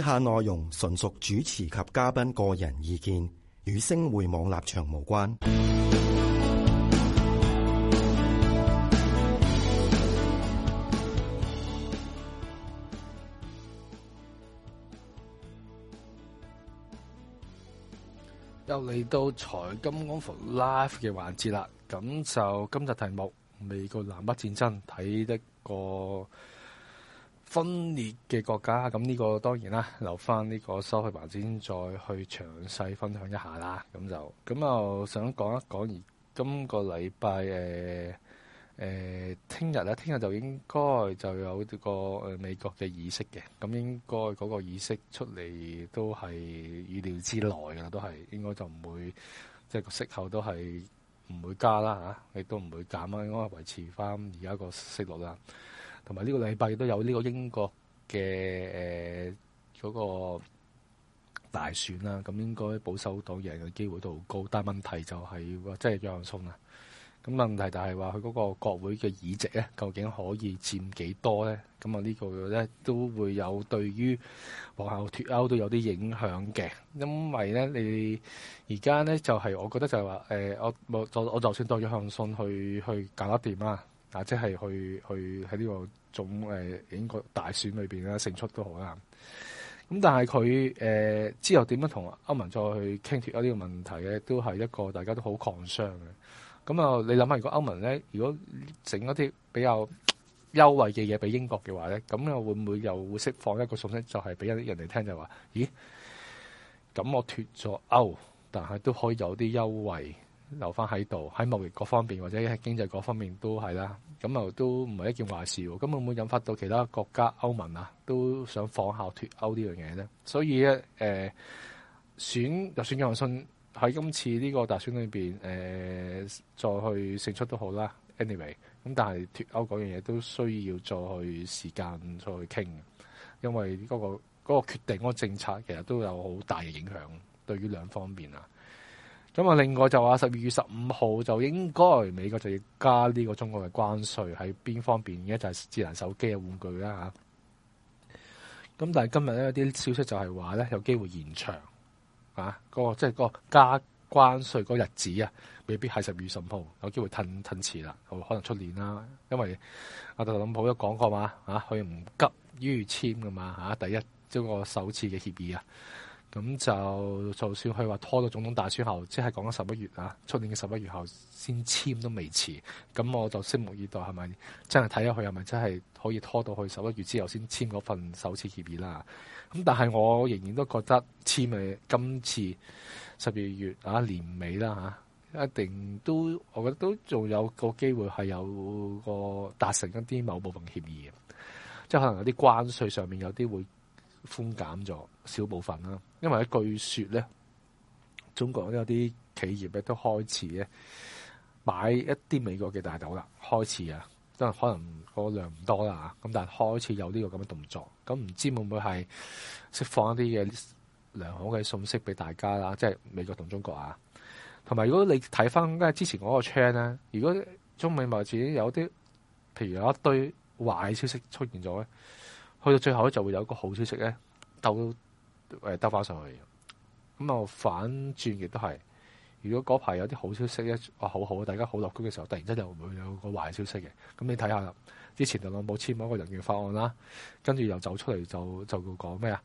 以下內容純屬主持及嘉賓個人意見，與星匯網立場無關。又嚟到財金工房 live 嘅環節啦，咁就今日題目：美國南北戰爭睇得過。分裂嘅國家，咁呢個當然啦，留翻呢個收尾環節再去詳細分享一下啦。咁就咁啊，想講一講而今個禮拜誒誒聽日咧，聽、呃、日、呃、就應該就有個美國嘅議息嘅，咁應該嗰個議息出嚟都係意料之內嘅啦，都係應該就唔會即係、就是、息口都係唔會加啦嚇，亦都唔會減啊，應該維持翻而家個息率啦。同埋呢個禮拜亦都有呢個英國嘅嗰、呃那個大選啦，咁應該保守黨贏嘅機會度好高，但問題就係、是、話即係約翰遜啦。咁問題就係話佢嗰個國會嘅議席咧，究竟可以佔幾多呢？咁啊呢個呢，都會有對於往後脱歐都有啲影響嘅，因為呢，你而家呢，就係、是、我覺得就係話、呃、我，我，我就算對約翰遜去去搞得掂啦。啊！即係去去喺呢個總誒英國大選裏邊啦，勝出都好啦。咁但係佢誒之後點樣同歐盟再去傾脱呢個問題咧，都係一個大家都好抗商嘅。咁啊，你諗下，如果歐盟咧，如果整一啲比較優惠嘅嘢俾英國嘅話咧，咁又會唔會又會釋放一個訊息，就係俾一啲人哋聽就話，咦？咁我脫咗歐，但係都可以有啲優惠。留翻喺度，喺貿易各方面或者經濟各方面都係啦，咁又都唔係一件壞事喎。咁會唔會引發到其他國家歐盟啊都想仿效脫歐呢樣嘢咧？所以咧誒、呃，選就算信喺今次呢個大選裏邊誒再去勝出都好啦。anyway，咁但係脫歐嗰樣嘢都需要再去時間再去傾，因為嗰個嗰個決定嗰個政策其實都有好大嘅影響，對於兩方面啊。咁啊，另外就話十二月十五號就應該美國就要加呢個中國嘅關稅喺邊方面。而家就係、是、智能手機嘅玩具啦吓。咁、啊、但係今日呢，有啲消息就係話呢，有機會延長啊，嗰、那個即係嗰個加關稅嗰個日子啊，未必係十二月十五號，有機會褪褪遲啦，可能出年啦。因為阿特朗普都講過嘛，吓佢唔急於簽噶嘛，吓、啊、第一即係個首次嘅協議啊。咁就就算佢話拖到總統大選後，即係講緊十一月啊，出年嘅十一月後先簽都未遲。咁我就拭目以待，係咪真係睇下佢係咪真係可以拖到去十一月之後先簽嗰份首次協議啦？咁但係我仍然都覺得簽嘅今次十二月啊，年尾啦嚇，一定都我覺得都仲有個機會係有個達成一啲某部分協議嘅，即係可能有啲關稅上面有啲會。寬減咗少部分啦，因為據說咧，中國有啲企業咧都開始咧買一啲美國嘅大豆啦，開始啊，係可能個量唔多啦，咁但係開始有呢個咁嘅動作，咁唔知會唔會係釋放一啲嘅良好嘅信息俾大家啦？即係美國同中國啊，同埋如果你睇翻之前嗰個 channel，如果中美貿易有啲譬如有一堆壞消息出現咗咧？去到最後咧，就會有一個好消息咧，兜誒兜翻上去。咁啊，反轉亦都係。如果嗰排有啲好消息咧，哇，好好，大家好樂觀嘅時候，突然之間就會有個壞消息嘅。咁你睇下，之前就兩冇簽過一個人員方案啦，跟住又走出嚟就就講咩啊？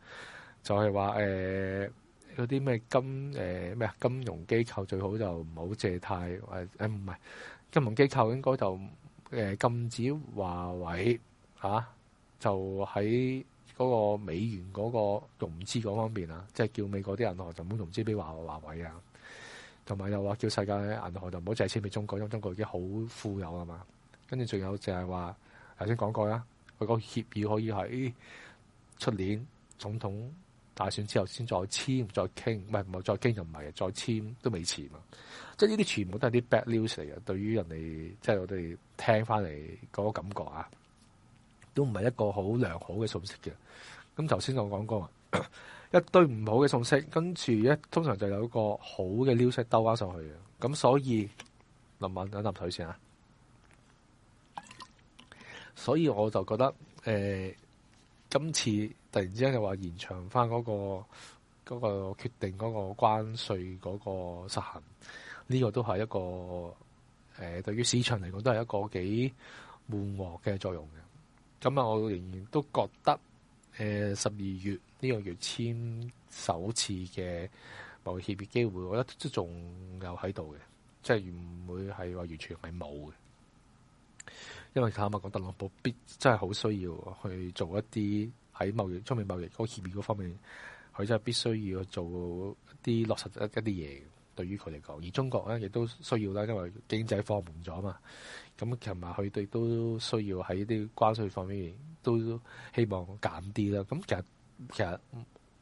就係話誒啲咩金誒咩啊，金融機構最好就唔好借貸，唔、欸、係金融機構應該就、欸、禁止華為啊。就喺嗰個美元嗰個融資嗰方面啊，即係叫美國啲銀行就唔好融資俾華華為啊，同埋又話叫世界銀行就唔好借錢俾中國，因為中國已經好富有啊嘛。跟住仲有就係話頭先講過啦，佢個協議可以喺出年總統大選之後先再簽再傾，唔係唔係再傾就唔係，再簽都未遲嘛。即係呢啲全部都係啲 bad news 嚟嘅，對於人哋即係我哋聽翻嚟嗰個感覺啊。都唔係一個好良好嘅信息嘅。咁頭先我講過啊，一堆唔好嘅信息，跟住咧通常就有一個好嘅 news 兜翻上去嘅，咁所以林敏等一啖水先啊，所以我就覺得誒、呃，今次突然之間就話延長翻、那、嗰個嗰、那個決定嗰個關稅嗰個實行，呢、這個都係一個誒、呃、對於市場嚟講都係一個幾緩和嘅作用嘅。咁啊，我仍然都覺得誒十二月呢個月簽首次嘅貿易協議機會，我覺得都仲有喺度嘅，即係唔會係話完全係冇嘅。因為坦白講，特朗普必真係好需要去做一啲喺貿易中美貿易嗰個協議嗰方面，佢真係必須要做一啲落實一啲嘢。對於佢嚟講，而中國咧亦都需要啦，因為經濟放緩咗嘛，咁其實佢哋都需要喺啲關稅方面都希望減啲啦。咁其實其實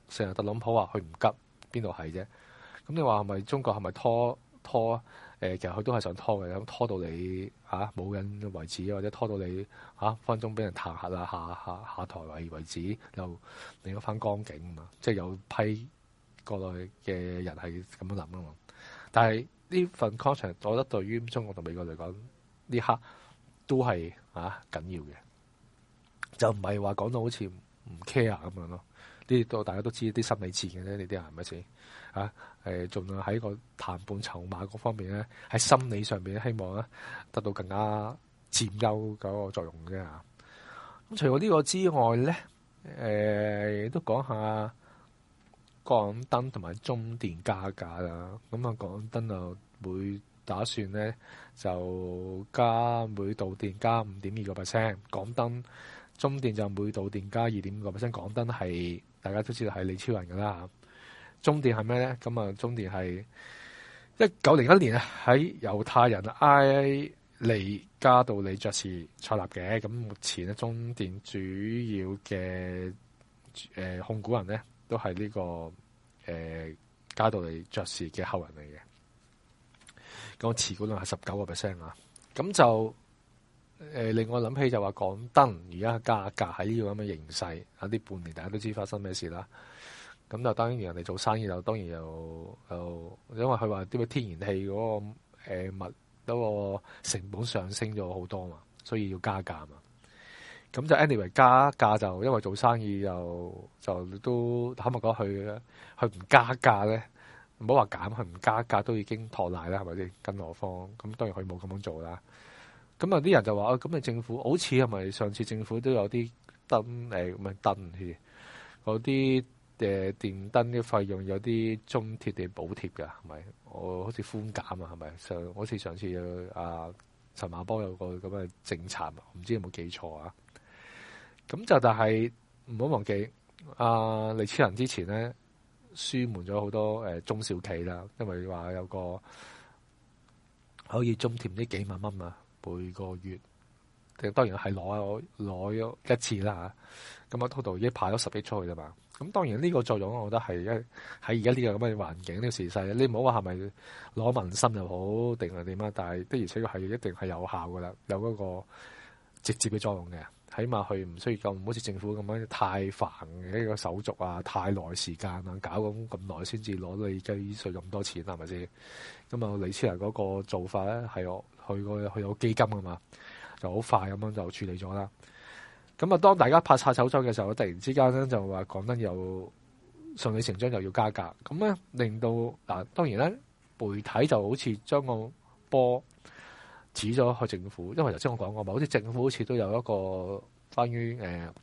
成日特朗普話佢唔急，邊度係啫？咁你話係咪中國係咪拖拖？其實佢都係想拖嘅，咁拖到你冇、啊、人為止，或者拖到你嚇、啊、分分鐘俾人彈劾啊下下下台為為止，又另一番光景啊嘛，即係有批國內嘅人係咁樣諗啊嘛。但係呢份 content，我覺得對於中國同美國嚟講，呢刻都係啊緊要嘅，就唔係話講到好似唔 care 咁樣咯。呢啲都大家都知啲心理戰嘅啫，呢啲係咪先？仲要喺個談判籌碼嗰方面咧，喺心理上面希望咧得到更加佔優嗰個作用嘅咁、啊、除咗呢個之外咧，誒、亦、都講下。港燈同埋中電加價啦，咁啊港燈啊，會打算咧就加每度電加五點二個 percent，港燈中電就每度電加二點五個 percent。港燈係大家都知道係李超人㗎喇，中電係咩咧？咁啊中電係一九零一年啊喺猶太人埃利嘉道理爵士創立嘅。咁目前咧中電主要嘅誒、呃、控股人咧？都係呢、這個誒嘉、呃、道理爵士嘅後人嚟嘅，咁我持股量係十九個 percent 啊，咁就誒、呃、令我諗起就話港燈而家加價喺呢個咁嘅形勢，啊呢半年大家都知發生咩事啦，咁就當然人哋做生意就當然又又因為佢話啲咩天然氣嗰、那個誒、呃、物嗰個成本上升咗好多嘛，所以要加價嘛。咁就 anyway 加價就因為做生意又就都坦白講去嘅，佢唔加價咧，唔好話減，佢唔加價都已經託賴啦，係咪先？跟我方咁當然佢冇咁樣做啦。咁啊啲人就話，咁啊政府好似係咪上次政府都有啲燈誒咪、欸、燈嗰啲誒電燈啲費用有啲中電嘅補貼㗎係咪？我好似寬減啊係咪？上好似上次阿、啊、陳茂波有個咁嘅政策，唔知有冇記錯啊？咁就但係唔好忘記啊，李超人之前咧舒緩咗好多誒、呃、中小企啦，因為話有個可以中貼呢幾萬蚊嘛，每個月。當當然係攞攞咗一次啦吓，咁啊 total、啊、已經派咗十億出去啦嘛。咁、啊、當然呢個作用，我覺得係喺而家呢個咁嘅環境呢、這個時勢，你唔好話係咪攞民心又好定係點啊，但係的而且確係一定係有效噶啦，有嗰個直接嘅作用嘅。起碼佢唔需要咁，好似政府咁樣太煩嘅一個手續啊，太耐時間啊，搞咁咁耐先至攞到你計稅咁多錢，係咪先？咁啊，李思麟嗰個做法咧，係我去個去個基金啊嘛，就好快咁樣就處理咗啦。咁啊，當大家拍晒手槍嘅時候，突然之間咧就話講得又順理成章又要加價，咁咧令到嗱當然咧媒體就好似將個波。指咗去政府，因為頭先我講過嘛，好似政府好似都有一個關於誒、呃、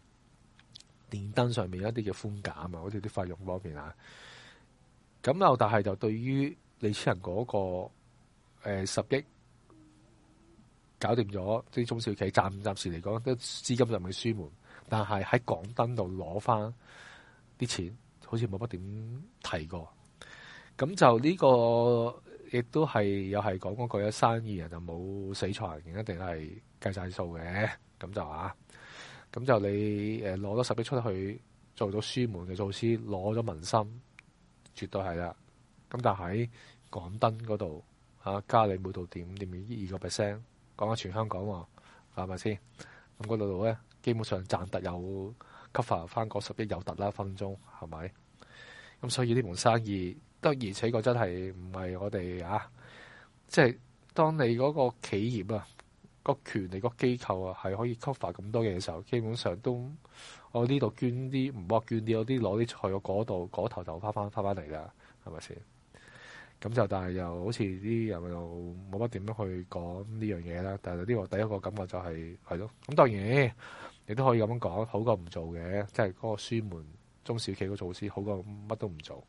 電燈上面一啲嘅寬減啊，好似啲費用方面啊。咁又但係就對於李超人嗰、那個十億、呃、搞掂咗啲中小企，暫暫時嚟講都資金就未舒緩，但係喺港燈度攞翻啲錢，好似冇乜點提過。咁就呢、這個。亦都係又係講嗰句生意人就冇死財人，一定係計曬數嘅，咁就話、啊，咁就你攞咗、呃、十億出去做咗書門嘅措施，攞咗民心，絕對係啦。咁但喺港燈嗰度、啊、加你每度點點二個 percent，講下全香港喎、啊，係咪先？咁嗰度度咧，基本上賺得有 cover 翻嗰十億有得啦分鐘，係咪？咁所以呢門生意。得，而且個真係唔係我哋啊，即係當你嗰個企業啊，個權利、個機構啊，係可以 cover 咁多嘢嘅時候，基本上都我呢度捐啲，唔話捐啲，有啲攞啲菜去嗰度嗰頭就翻翻翻翻嚟啦，係咪先？咁就但係又好似啲人又冇乜點樣去講呢樣嘢啦。但係呢個第一個感覺就係係咯。咁當然你都可以咁樣講，好過唔做嘅，即係嗰個書門中小企個措施好過乜都唔做。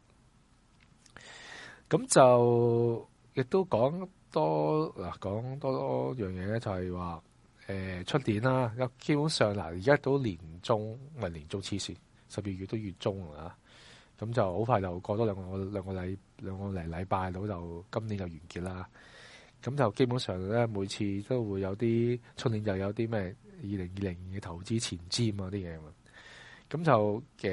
咁就亦都講多嗱，講多多樣嘢咧，就係話誒出年啦。基本上嗱，而家都年中，唔係年中黐線，十二月都月中啊。咁就好快就過咗兩個兩個禮兩個零禮拜，到就今年就完結啦。咁就基本上咧，每次都會有啲出年，就有啲咩二零二零嘅投資前瞻啊啲嘢啊。咁就誒、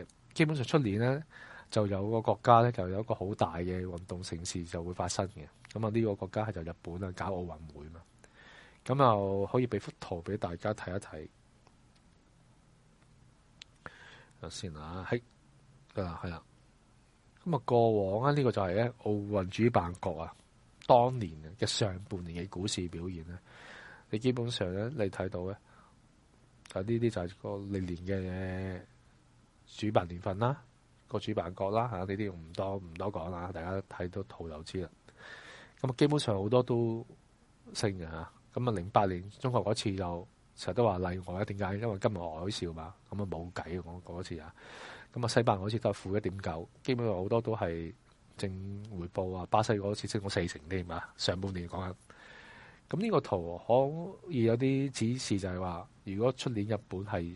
呃，基本上出年咧，就有個國家咧，就有一個好大嘅運動盛事就會發生嘅。咁啊，呢個國家係就日本啊，搞奧運會嘛。咁又可以俾幅圖俾大家睇一睇。先啊，係係啦咁啊，過往啊，呢、這個就係咧奧運主辦國啊，當年嘅上半年嘅股市表現咧，你基本上咧，你睇到咧，就呢啲就係個歷年嘅主辦年份啦。個主辦國啦，嚇呢啲唔多唔多講啦，大家睇到圖就知啦。咁啊，基本上好多都升嘅嚇。咁啊，零八年中國嗰次就成日都話例外啦。點解？因為金融海嘯嘛。咁啊，冇計我嗰次啊。咁啊，西班牙嗰次都係負一點九，基本上好多都係正回報啊。巴西嗰次升咗四成添嘛，上半年講緊。咁呢個圖可以有啲指示就，就係話如果出年日本係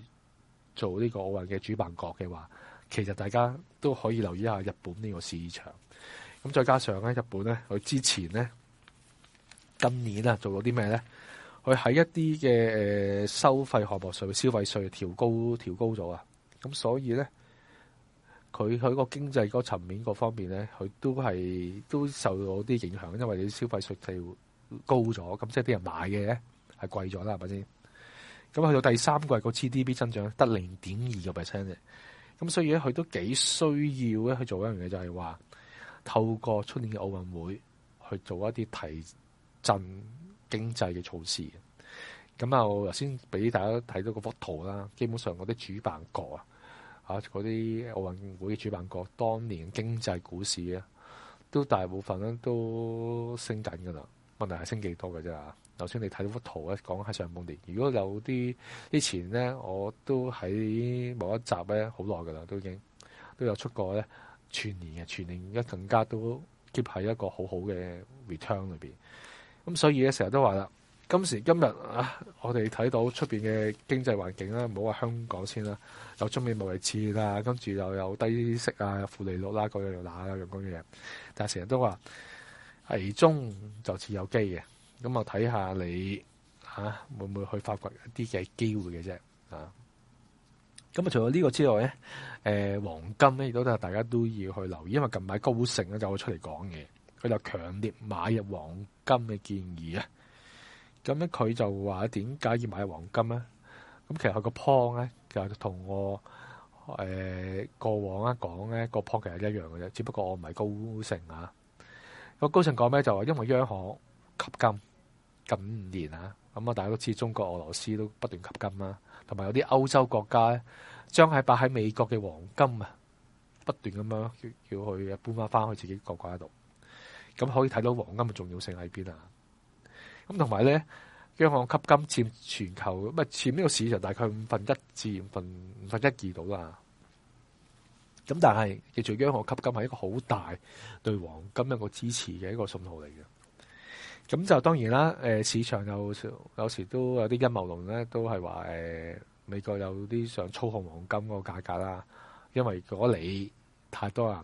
做呢個奧運嘅主辦國嘅話。其實大家都可以留意一下日本呢個市場，咁再加上咧，日本咧佢之前咧，今年啊做咗啲咩咧？佢喺一啲嘅誒收費項目上嘅消費稅調高調高咗啊！咁所以咧，佢喺個經濟個層面各方面咧，佢都係都受到啲影響，因為你消費稅調高咗，咁即係啲人買嘅咧係貴咗啦，係咪先？咁去到第三季個 GDP 增長得零點二個 percent 啫。咁所以咧，佢都幾需要咧去做一樣嘢，就係話透過出年嘅奧運會去做一啲提振經濟嘅措施。咁啊，我頭先俾大家睇到嗰幅圖啦。基本上嗰啲主辦國啊，嚇嗰啲奧運會嘅主辦國當年經濟股市咧都大部分咧都升緊噶啦。問題係升幾多嘅啫。頭先你睇到幅圖咧，講喺上半年。如果有啲啲錢咧，我都喺某一集咧，好耐噶啦，都已經都有出過咧，全年嘅全年而家更加都 keep 喺一個好好嘅 return 裏面。咁所以咧，成日都話啦，今時今日啊，我哋睇到出面嘅經濟環境啦，唔好話香港先啦，有中美貿易戰啦，跟住又有低息啊，負利率啦，各、那個、樣嗱，有樣嗰樣，但係成日都話危中就似有機嘅。咁我睇下你嚇、啊、會唔會去發掘一啲嘅機會嘅啫啊！咁啊，除咗呢個之外咧，誒、呃、黃金咧亦都係大家都要去留意，因為近排高盛咧就會出嚟講嘢，佢就強烈買入黃金嘅建議啊！咁咧佢就話點解要買入黃金咧？咁其實佢個 point 咧就同我誒、呃、過往一講咧、個 point 其實一樣嘅啫，只不過我唔係高盛啊。個高盛講咩就話因為央行吸金。近五年啊，咁啊，大家都知中國、俄羅斯都不斷吸金啦，同埋有啲歐洲國家咧，將係擺喺美國嘅黃金啊，不斷咁樣要去搬翻翻去自己國家度，咁可以睇到黃金嘅重要性喺邊啊。咁同埋咧，央行吸金佔全球咪係佔呢個市場大概五分一至五分五分一二度啦。咁但係，其實央行吸金係一個好大對黃金一個支持嘅一個信號嚟嘅。咁就當然啦、呃，市場有有時都有啲陰謀論咧，都係話、呃、美國有啲想操控黃金個價格啦，因為如果你太多人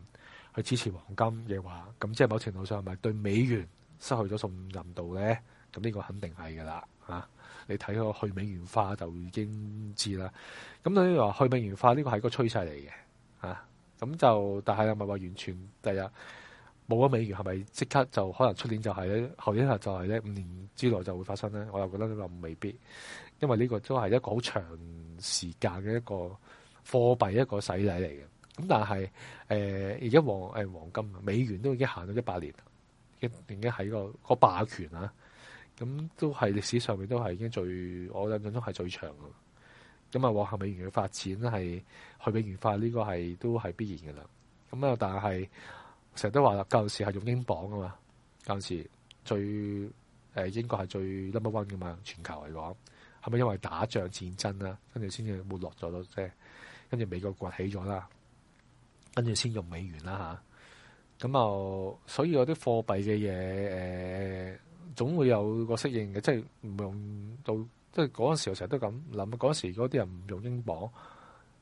去支持黃金嘅話，咁即係某程度上係咪對美元失去咗信任度咧，咁呢個肯定係㗎啦嚇。你睇個去美元化就已經知啦。咁你話去美元化呢個係個趨勢嚟嘅嚇，咁就但係唔係話完全第啊？冇咗美元，係咪即刻就可能出年就係、是、咧？後一日，就係、是、咧？五年之內就會發生咧？我又覺得冇未必，因為呢個都係一個好長時間嘅一個貨幣一個洗禮嚟嘅。咁但係而家黃金美元都已經行咗一百年，已經喺個個霸權啊，咁都係歷史上面都係已經最我印象中係最長嘅。咁啊，往後美元嘅發展係去美元化呢個係都係必然嘅啦。咁啊，但係。成日都話啦，舊時係用英鎊啊嘛，舊時最誒英國係最 number one 嘅嘛，全球嚟講，係咪因為打仗戰爭啦，跟住先至沒落咗咯，即係跟住美國崛起咗啦，跟住先用美元啦吓，咁啊，所以有啲貨幣嘅嘢誒，總會有個適應嘅，即係唔用到，即係嗰陣時我成日都咁諗，嗰陣時嗰啲人唔用英鎊，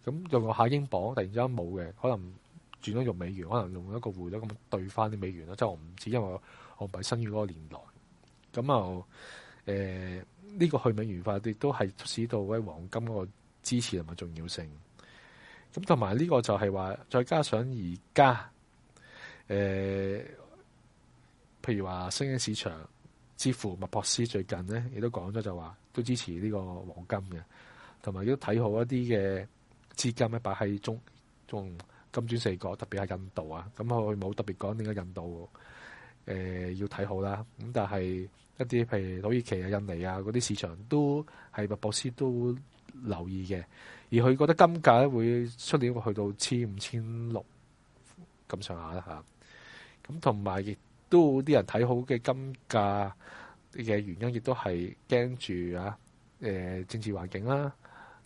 咁用下英鎊，突然之間冇嘅，可能。轉咗用美元，可能用一個匯率咁對翻啲美元咯。即我唔知，因為我我唔係生於嗰個年代咁啊。呢、呃呢個去美元化亦都係使到喺黃金嗰個支持同埋重要性。咁同埋呢個就係話，再加上而家、呃、譬如話，新興市場之父麥博士最近咧，亦都講咗就話都支持呢個黃金嘅，同埋亦都睇好一啲嘅資金咧擺喺中中。中金磚四國，特別係印度啊，咁佢冇特別講點解印度誒、呃、要睇好啦。咁但係一啲譬如土耳其啊、印尼啊嗰啲市場都係麥博士都留意嘅，而佢覺得金價咧會出年會去到千五千六咁上下啦嚇。咁同埋亦都啲人睇好嘅金價嘅原因也是怕，亦都係驚住啊誒政治環境啦、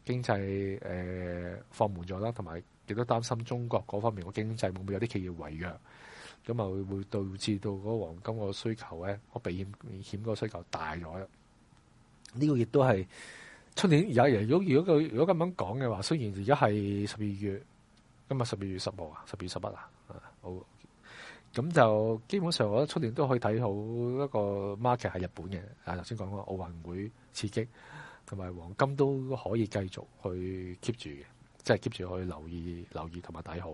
經濟誒、呃、放緩咗啦，同埋。亦都擔心中國嗰方面嘅經濟會唔會有啲企業違約，咁啊會導致到個黃金個需求咧，我避險險個需求大咗啦。呢個亦都係出年而家如果如果佢如果咁樣講嘅話，雖然而家係十二月，今日十二月十號啊，十二月十一啊，好，咁就基本上我覺得出年都可以睇好一個 market 係日本嘅，啊頭先講過奧運會刺激，同埋黃金都可以繼續去 keep 住嘅。即係 keep 住去留意、留意同埋睇好，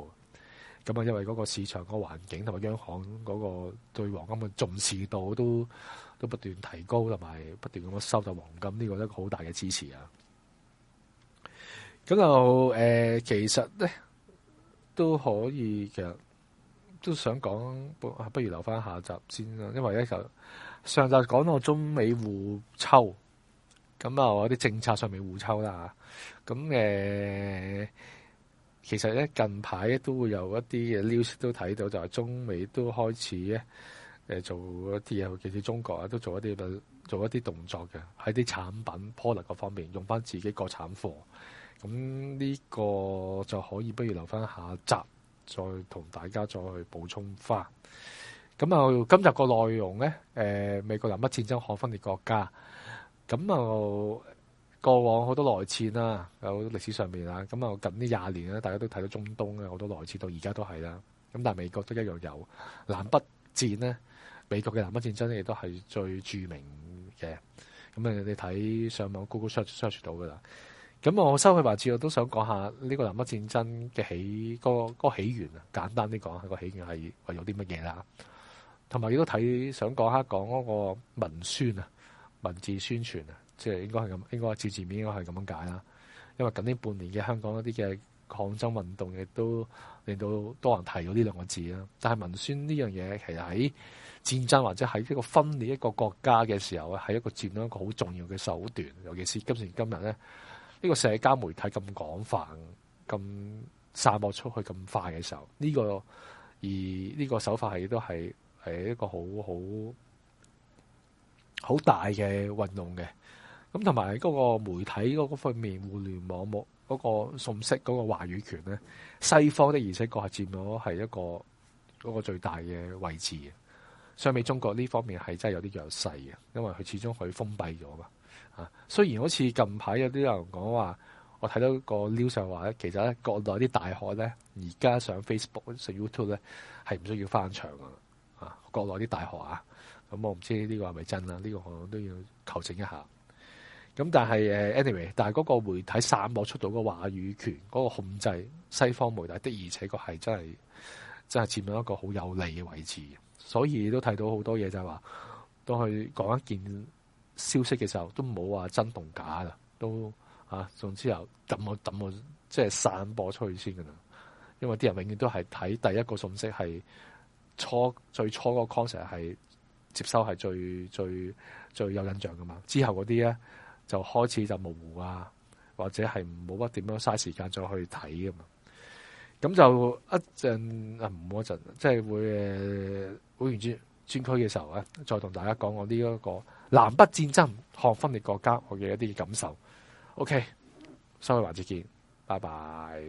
咁啊，因為嗰個市場嗰個環境同埋央行嗰個對黃金嘅重視度都都不斷提高，同埋不斷咁樣收購黃金，呢個一個好大嘅支持啊！咁就、呃、其實咧都可以，其實都想講，不如留翻下集先啦。因為咧就上集講到中美互抽。咁啊，我啲政策上面互抽啦咁誒，其實咧近排都會有一啲嘅 news 都睇到，就係、是、中美都開始咧誒、呃，做一啲嘢，尤其是中國啊，都做一啲做一啲動作嘅喺啲產品 policy 嗰方面，用翻自己國產貨。咁呢個就可以不如留翻下集再同大家再去補充翻。咁啊、呃，今日個內容咧，誒、呃，美國南北戰爭可分裂國家？咁啊，過往好多內戰啦，有歷史上面啊，咁啊近呢廿年啦，大家都睇到中東啊好多內戰，到而家都係啦。咁但係美國都一樣有南北戰呢，美國嘅南北戰爭亦都係最著名嘅。咁啊，你睇上網 Google search search 到㗎啦。咁我收去話住，我都想講下呢個南北戰爭嘅起嗰、嗰個起源啊。簡單啲講，個起源係係有啲乜嘢啦？同埋亦都睇想講下講嗰個文宣。啊。文字宣傳啊，即係應該係咁，應該照字面應該係咁樣解啦。因為近呢半年嘅香港一啲嘅抗爭運動亦都令到多人提到呢兩個字啦。但係文宣呢樣嘢，其實喺戰爭或者喺一個分裂一個國家嘅時候，係一個佔咗一個好重要嘅手段。尤其是今時今日咧，呢個社交媒體咁廣泛、咁散播出去咁快嘅時候，呢個而呢個手法亦都係係一個好好。很好大嘅運動嘅，咁同埋嗰個媒體嗰個方面，互聯網冇嗰個信息嗰個話語權咧，西方的而且確係佔咗係一個嗰個最大嘅位置嘅，相比中國呢方面係真係有啲弱勢嘅，因為佢始終佢封閉咗嘛。啊，雖然好似近排有啲人講話，我睇到個 news 上話咧，其實咧國內啲大學咧而家上 Facebook 上 YouTube 咧係唔需要翻牆噶，啊，國內啲大學啊。嗯、我唔知呢個係咪真啦？呢、呢個可能都要求證一下。咁但係誒 anyway 但係嗰個媒體散播出到個話語權嗰、嗰個控制，西方媒體的而且確係真係真係佔到一個好有利嘅位置，所以都睇到好多嘢就係話，當佢講一件消息嘅時候，都冇話真同假啦，都啊，總之有抌我抌我，即係散播出去先噶啦。因為啲人永遠都係睇第一個信息係初最初嗰個 concept 係。接收係最最最有印象噶嘛，之後嗰啲咧就開始就模糊啊，或者係冇乜點樣嘥時間再去睇噶嘛。咁就一陣啊，唔嗰陣即係會誒會員專區嘅時候咧，再同大家講講我呢一個南北戰爭、看分裂國家我嘅一啲感受。嗯、OK，收尾環節見，拜拜。